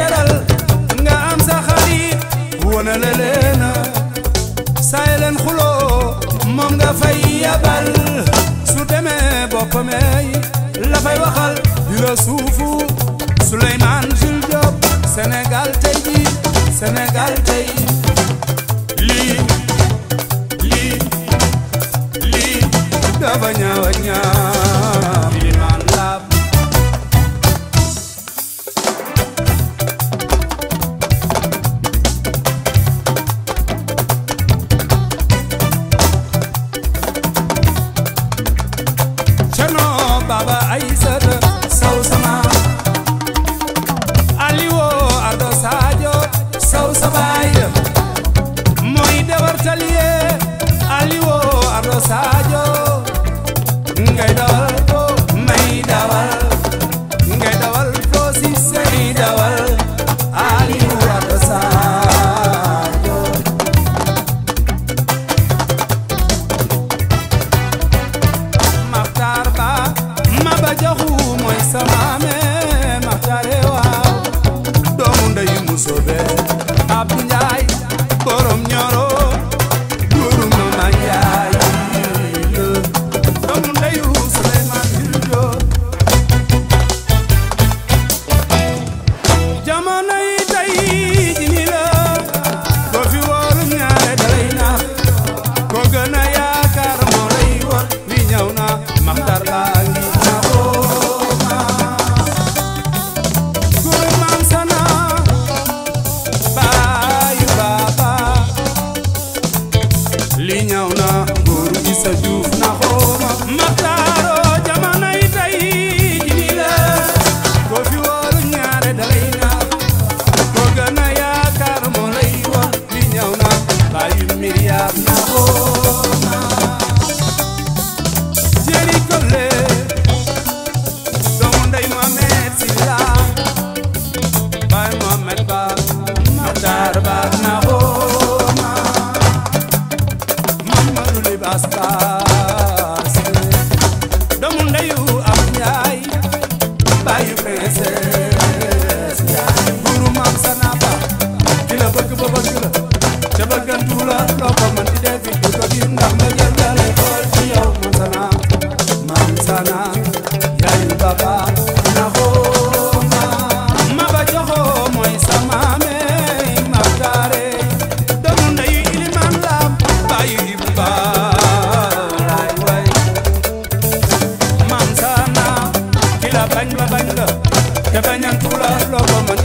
teral nga sa xarit wona la fay yabal su demee bokkamey la suufu Souleymane Jules Diop Sénégal tey ji a a Ndiaye asta la bañ ba bañ la